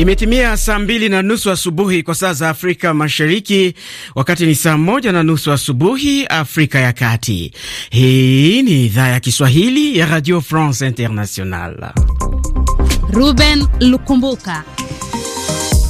Imetimia saa mbili na nusu asubuhi kwa saa za Afrika Mashariki, wakati ni saa moja na nusu asubuhi Afrika ya Kati. Hii ni idhaa ya Kiswahili ya Radio France international Ruben Lukumbuka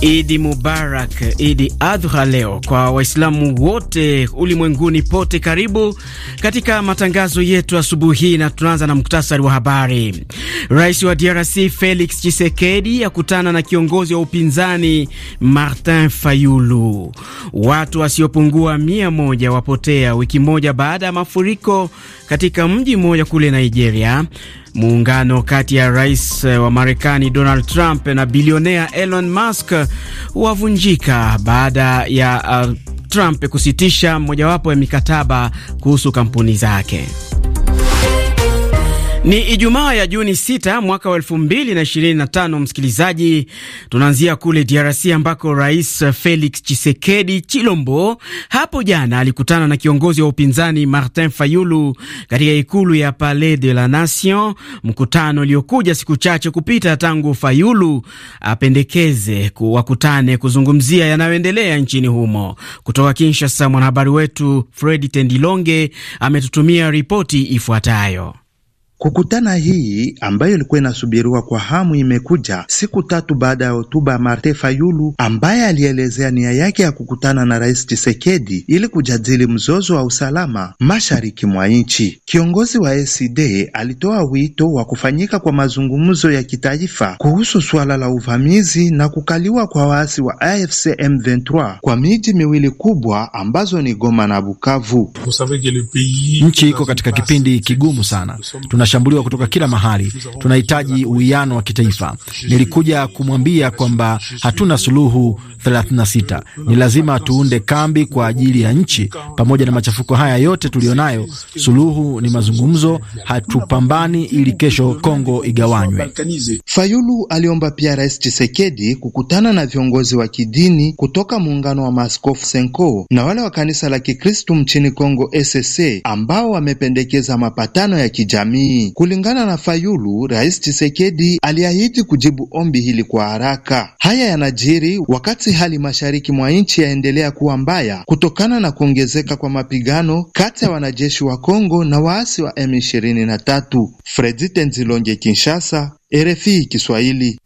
Idi Mubarak, Idi Adha leo kwa Waislamu wote ulimwenguni pote. Karibu katika matangazo yetu asubuhi hii, na tunaanza na muktasari wa habari. Rais wa DRC Felix Tshisekedi akutana na kiongozi wa upinzani Martin Fayulu. Watu wasiopungua mia moja wapotea wiki moja baada ya mafuriko katika mji mmoja kule Nigeria. Muungano kati ya rais eh, wa Marekani Donald Trump na bilionea Elon Musk wavunjika baada ya uh, Trump kusitisha mojawapo ya mikataba kuhusu kampuni zake. Ni Ijumaa ya Juni 6 mwaka wa 2025. Msikilizaji, tunaanzia kule DRC ambako Rais Felix chisekedi Chilombo hapo jana alikutana na kiongozi wa upinzani Martin Fayulu katika ikulu ya Palais de la Nation, mkutano uliokuja siku chache kupita tangu Fayulu apendekeze wakutane kuzungumzia yanayoendelea nchini humo. Kutoka Kinshasa, mwanahabari wetu Fredi Tendilonge ametutumia ripoti ifuatayo. Kukutana hii ambayo ilikuwa inasubiriwa kwa hamu imekuja siku tatu baada ya hotuba ya Martin Fayulu ambaye alielezea nia yake ya kukutana na Rais Tshisekedi ili kujadili mzozo wa usalama mashariki mwa nchi. Kiongozi wa ACD e alitoa wito wa kufanyika kwa mazungumzo ya kitaifa kuhusu suala la uvamizi na kukaliwa kwa waasi wa AFC M23 kwa miji miwili kubwa ambazo ni Goma na Bukavu. Nchi iko katika kipindi kigumu sana. Tuna tunashambuliwa kutoka kila mahali. Tunahitaji uwiano wa kitaifa. Nilikuja kumwambia kwamba hatuna suluhu 36. Ni lazima tuunde kambi kwa ajili ya nchi. Pamoja na machafuko haya yote tuliyonayo, suluhu ni mazungumzo. Hatupambani ili kesho Kongo igawanywe. Fayulu aliomba pia Rais chisekedi kukutana na viongozi wa kidini kutoka muungano wa maaskofu Senko na wale wa kanisa la Kikristu mchini Kongo, SSA, ambao wamependekeza mapatano ya kijamii. Kulingana na Fayulu, Rais chisekedi aliahidi kujibu ombi hili kwa haraka. Haya yanajiri wakati hali mashariki mwa nchi yaendelea kuwa mbaya kutokana na kuongezeka kwa mapigano kati ya wanajeshi wa Kongo na waasi wa M23. Fredi Tenzilonge, Kinshasa, RFI Kiswahili.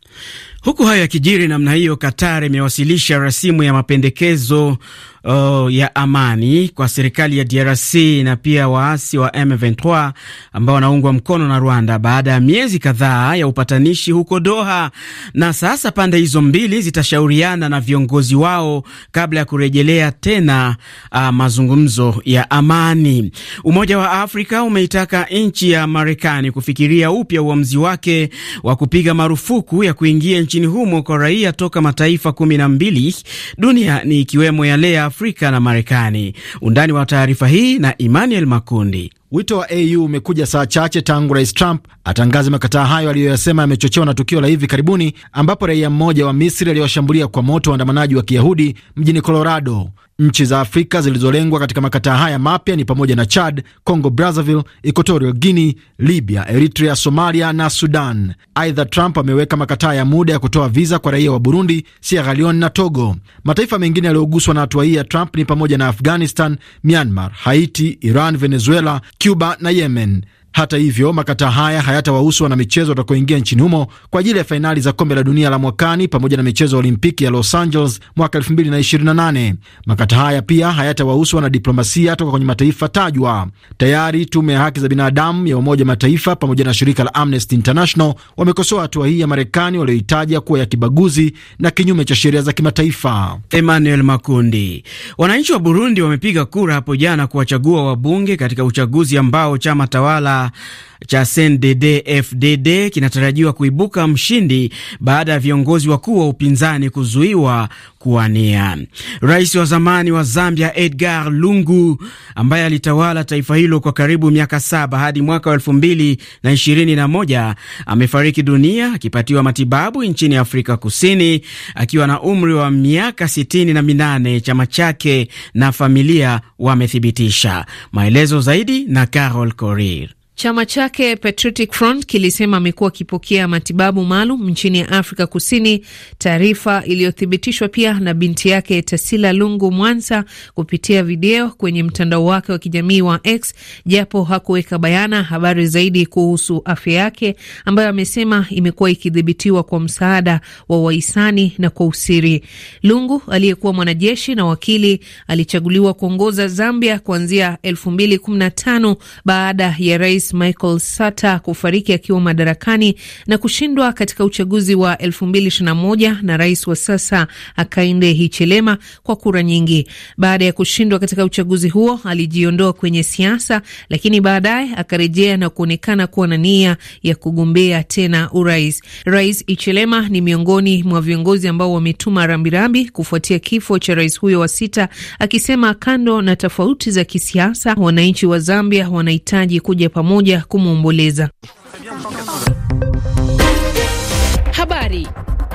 Huku hayo yakijiri namna hiyo, katar imewasilisha rasimu ya mapendekezo oh, ya amani kwa serikali ya DRC na pia waasi wa M23 ambao wanaungwa mkono na Rwanda baada ya miezi kadhaa ya upatanishi huko Doha, na sasa pande hizo mbili zitashauriana na viongozi wao kabla ya kurejelea tena uh, mazungumzo ya amani. Umoja wa Afrika umeitaka nchi ya Marekani kufikiria upya uamuzi wake wa kupiga marufuku ya kuingia nchini humo kwa raia toka mataifa kumi na mbili duniani ikiwemo yale ya Afrika na Marekani. Undani wa taarifa hii na Emmanuel Makundi. Wito wa AU umekuja saa chache tangu Rais Trump atangaze makataa hayo aliyoyasema yamechochewa na tukio la hivi karibuni ambapo raia mmoja wa Misri aliwashambulia kwa moto waandamanaji wa Kiyahudi mjini Colorado. Nchi za Afrika zilizolengwa katika makataa haya mapya ni pamoja na Chad, Congo Brazzaville, equatorio Guinea, Libya, Eritrea, Somalia na Sudan. Aidha, Trump ameweka makataa ya muda ya kutoa viza kwa raia wa Burundi, Sierra Leone na Togo. Mataifa mengine yaliyoguswa na hatua hii ya Trump ni pamoja na Afghanistan, Myanmar, Haiti, Iran, Venezuela, Cuba na Yemen. Hata hivyo, makata haya hayatawahusu wanamichezo watakaoingia nchini humo kwa ajili ya fainali za kombe la dunia la mwakani pamoja na michezo ya Olimpiki ya Los Angeles mwaka 2028. Makata haya pia hayatawahusu wanadiplomasia toka kwenye mataifa tajwa. Tayari tume ya haki za binadamu ya Umoja Mataifa pamoja na shirika la Amnesty International wamekosoa hatua hii ya Marekani walioitaja kuwa ya kibaguzi na kinyume cha sheria za kimataifa. Emmanuel Makundi. Wananchi wa Burundi wamepiga kura hapo jana kuwachagua wabunge katika uchaguzi ambao chama tawala cha CNDD-FDD kinatarajiwa kuibuka mshindi baada ya viongozi wakuu wa upinzani kuzuiwa kuwania. Rais wa zamani wa Zambia Edgar Lungu ambaye alitawala taifa hilo kwa karibu miaka saba hadi mwaka wa elfu mbili na ishirini na moja amefariki dunia akipatiwa matibabu nchini Afrika Kusini akiwa na umri wa miaka sitini na minane. Chama chake na familia wamethibitisha. Maelezo zaidi na Carol Korir. Chama chake Patriotic Front kilisema amekuwa akipokea matibabu maalum nchini Afrika Kusini, taarifa iliyothibitishwa pia na binti yake Tasila Lungu Mwansa kupitia video kwenye mtandao wake wa kijamii wa X, japo hakuweka bayana habari zaidi kuhusu afya yake ambayo amesema imekuwa ikidhibitiwa kwa msaada wa wahisani na kwa usiri. Lungu aliyekuwa mwanajeshi na wakili alichaguliwa kuongoza Zambia kuanzia 2015 baada ya Rais Michael Sata kufariki akiwa madarakani na kushindwa katika uchaguzi wa 2021 na rais wa sasa aka Hakainde Hichilema kwa kura nyingi. Baada ya kushindwa katika uchaguzi huo, alijiondoa kwenye siasa, lakini baadaye akarejea na kuonekana kuwa na nia ya kugombea tena urais. Rais Hichilema ni miongoni mwa viongozi ambao wametuma rambirambi kufuatia kifo cha rais huyo wa sita, akisema kando na tofauti za kisiasa, wananchi wa Zambia wanahitaji kuja pamoja kumwomboleza. Habari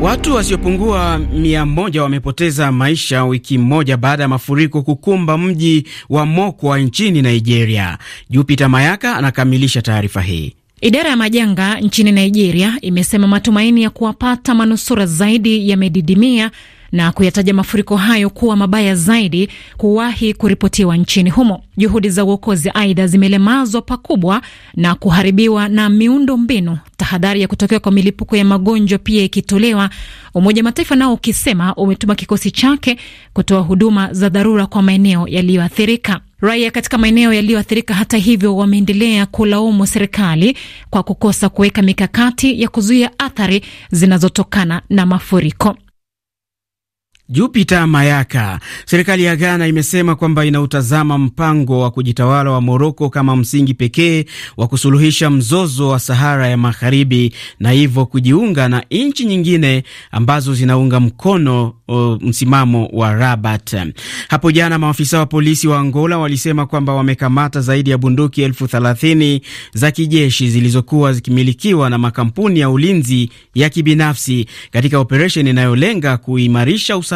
Watu wasiopungua mia moja wamepoteza maisha wiki moja baada ya mafuriko kukumba mji wa Mokwa nchini Nigeria. Jupiter Mayaka anakamilisha taarifa hii. Idara ya majanga nchini Nigeria imesema matumaini ya kuwapata manusura zaidi yamedidimia na kuyataja mafuriko hayo kuwa mabaya zaidi kuwahi kuripotiwa nchini humo. Juhudi za uokozi aidha zimelemazwa pakubwa na kuharibiwa na miundo mbinu, tahadhari ya kutokea kwa milipuko ya magonjwa pia ikitolewa, Umoja Mataifa nao ukisema umetuma kikosi chake kutoa huduma za dharura kwa maeneo yaliyoathirika. Raia katika maeneo yaliyoathirika, hata hivyo, wameendelea kulaumu serikali kwa kukosa kuweka mikakati ya kuzuia athari zinazotokana na mafuriko. Jupiter Mayaka. Serikali ya Ghana imesema kwamba inautazama mpango wa kujitawala wa Moroko kama msingi pekee wa kusuluhisha mzozo wa Sahara ya Magharibi na hivyo kujiunga na nchi nyingine ambazo zinaunga mkono o, msimamo wa Rabat. Hapo jana maafisa wa polisi wa Angola walisema kwamba wamekamata zaidi ya bunduki elfu thelathini za kijeshi zilizokuwa zikimilikiwa na makampuni ya ulinzi ya kibinafsi katika operesheni inayolenga kuimarisha usalama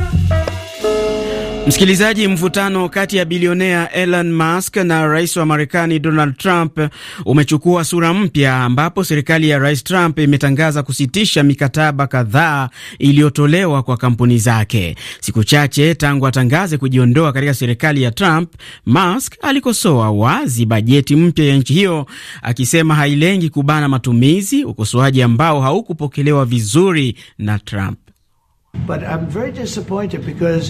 Msikilizaji, mvutano kati ya bilionea Elon Musk na rais wa Marekani Donald Trump umechukua sura mpya ambapo serikali ya rais Trump imetangaza kusitisha mikataba kadhaa iliyotolewa kwa kampuni zake. Siku chache tangu atangaze kujiondoa katika serikali ya Trump, Musk alikosoa wazi bajeti mpya ya nchi hiyo, akisema hailengi kubana matumizi, ukosoaji ambao haukupokelewa vizuri na Trump.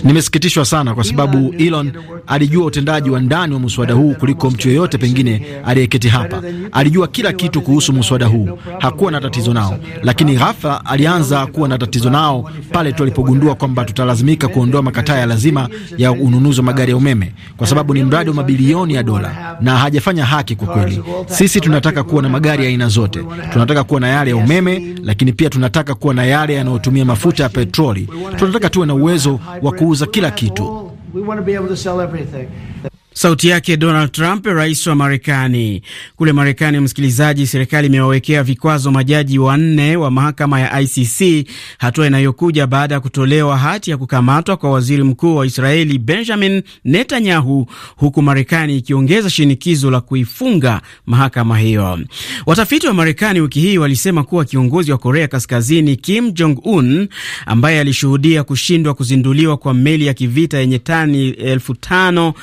Nimesikitishwa sana kwa sababu Elon alijua utendaji wa ndani wa muswada huu kuliko mtu yoyote pengine aliyeketi hapa. Alijua kila kitu kuhusu muswada huu, hakuwa na tatizo nao, lakini ghafla alianza kuwa na tatizo nao pale tu alipogundua kwamba tutalazimika kuondoa makataa ya lazima ya ununuzi wa magari ya umeme, kwa sababu ni mradi wa mabilioni ya dola, na hajafanya haki kwa kweli. Sisi tunataka kuwa na magari ya aina zote, tunataka kuwa na yale ya umeme, lakini pia tunataka kuwa na yale yanayotumia mafuta ya petroli halmashauri. Tunataka tuwe na uwezo wa kuuza kila kitu. Sauti yake Donald Trump, rais wa Marekani. Kule Marekani, msikilizaji, serikali imewawekea vikwazo majaji wanne wa mahakama ya ICC, hatua inayokuja baada ya kutolewa hati ya kukamatwa kwa waziri mkuu wa Israeli Benjamin Netanyahu, huku Marekani ikiongeza shinikizo la kuifunga mahakama hiyo. Watafiti wa Marekani wiki hii walisema kuwa kiongozi wa Korea Kaskazini Kim Jong Un, ambaye alishuhudia kushindwa kuzinduliwa kwa meli ya kivita yenye tani elfu tano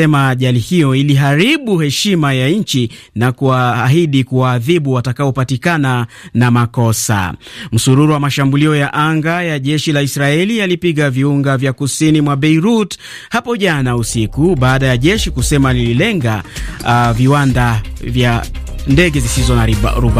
amesema ajali hiyo iliharibu heshima ya nchi na kuahidi kuwaadhibu watakaopatikana na makosa. Msururu wa mashambulio ya anga ya jeshi la Israeli yalipiga viunga vya kusini mwa Beirut hapo jana usiku baada ya jeshi kusema lililenga uh, viwanda vya ndege zisizo na rubani.